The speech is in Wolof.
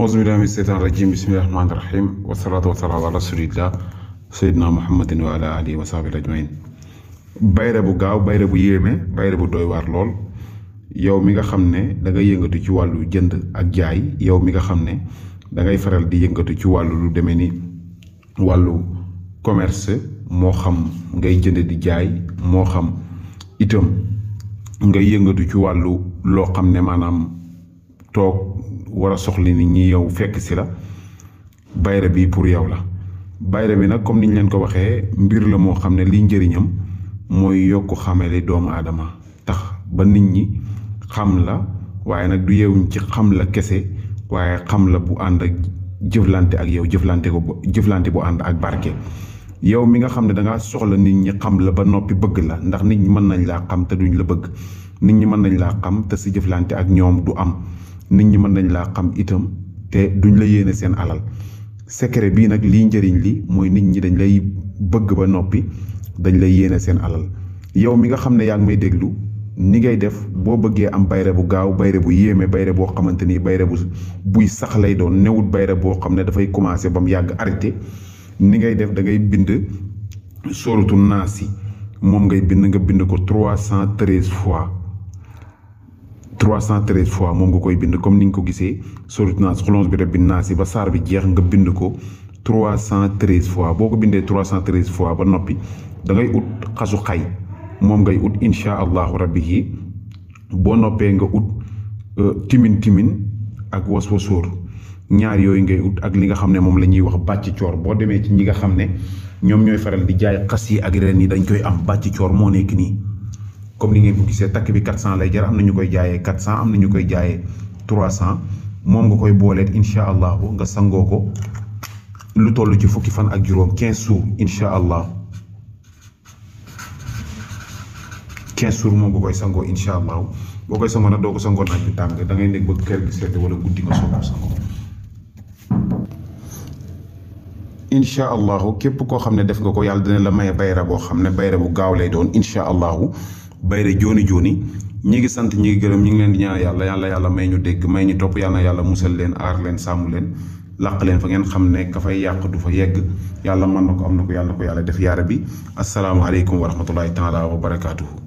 أعوذ بالله من الشيطان الرجيم بسم الله الرحمن الرحيم والصلاة والسلام على رسول الله سيدنا محمد وعلى آله وصحبه أجمعين بايرة بو غاو بايرة بو ييمة بايرة بو دوي وار لول يو ميغا خمنة داغا ييغتو تي والو جند اك جاي يو ميغا خمنة داغا يفرال دي ييغتو تي والو لو ديميني والو كوميرس مو خم غاي جند دي جاي مو خم ايتم غاي ييغتو تي والو لو خمنة مانام توك war a soxla nit ñi yow fekk si la bayre bi pour yow la bayre bi nag comme niñ leen ko waxee mbir la moo xam ne lii njëriñam mooy yokk xamale doomu aadama tax ba nit ñi xam la waaye nag du yeewuñ ci xam la kese waaye xam la bu ànd ak jëflante ak yow jëflante jëflante bu ànd ak barke yow mi nga xam ne dangaa soxla nit ñi xam la ba noppi bëgg la ndax nit ñi mën nañ laa xam te duñ la bëgg nit ñi mën nañ laa xam te si jëflante ak ñoom du am nit ñi mën nañ laa xam itam te duñ la yéene seen alal secret bii nag lii njëriñ li mooy nit ñi dañ lay bëgg ba noppi dañ lay yéene seen alal yow mi nga xam ne yaa ngi may déglu ni ngay def boo bëggee am bayre bu gaaw bayre bu yéeme bayre boo xamante ni bayre bu buy sax lay doon newut bayre boo xam ne dafay commencé ba mu yàgg arrêté ni ngay def da ngay bind sóoratu naas yi moom ngay bind nga bind ko trois cent treize fois cent 313 fois moom nga koy bind comme ni nga ko gisee sourate Naas xulonge bi rabbi naas ba saar bi jeex nga bind ko cent 313 fois boo ko bindee cent 313 fois ba noppi da ut xasu xay moom ngay ut insha allahu rabbi yi boo noppee nga ut euh, timin timin ak was wa sóor ñaar yooyu ngay ut ak li nga xam ne moom la ñuy wax bàcc coor boo demee ci ñi nga xam ne ñoom ñooy faral di jaay xas yi ak ren yi dañ koy am bàcc coor moo nekk nii comme ni ngeen ko gisee takk bi 400 lay jar am na ñu koy jaayee 400 am na ñu koy jaayee 300 moom nga koy booleet incha allahu nga sangoo ko lu toll ci fukki fan ak juróom 15 jours incha allah 15 jours moom nga koy sangoo incha allahu boo koy sangoo doo ko sangoo naaj bi tàng da ngay nekk wala guddi nga allahu képp koo xam ne def nga ko yàlla dina la may bayra boo xam ne bayra bu gaaw lay doon incha allahu. bayre jooni jooni ñi ngi sant ñi gërëm ñu ngi leen di ñaar yàlla yàlla yàlla may ñu dégg may ñu topp yàlla yàlla musal leen aar leen sàmm leen làq leen fa ngeen xam ne ka fay yàq du fa yegg yàlla man na ko am na ko yàlla ko yàlla def yaara bi asalaamaaleykum wa rahmatullahi taala wa barakaatuhu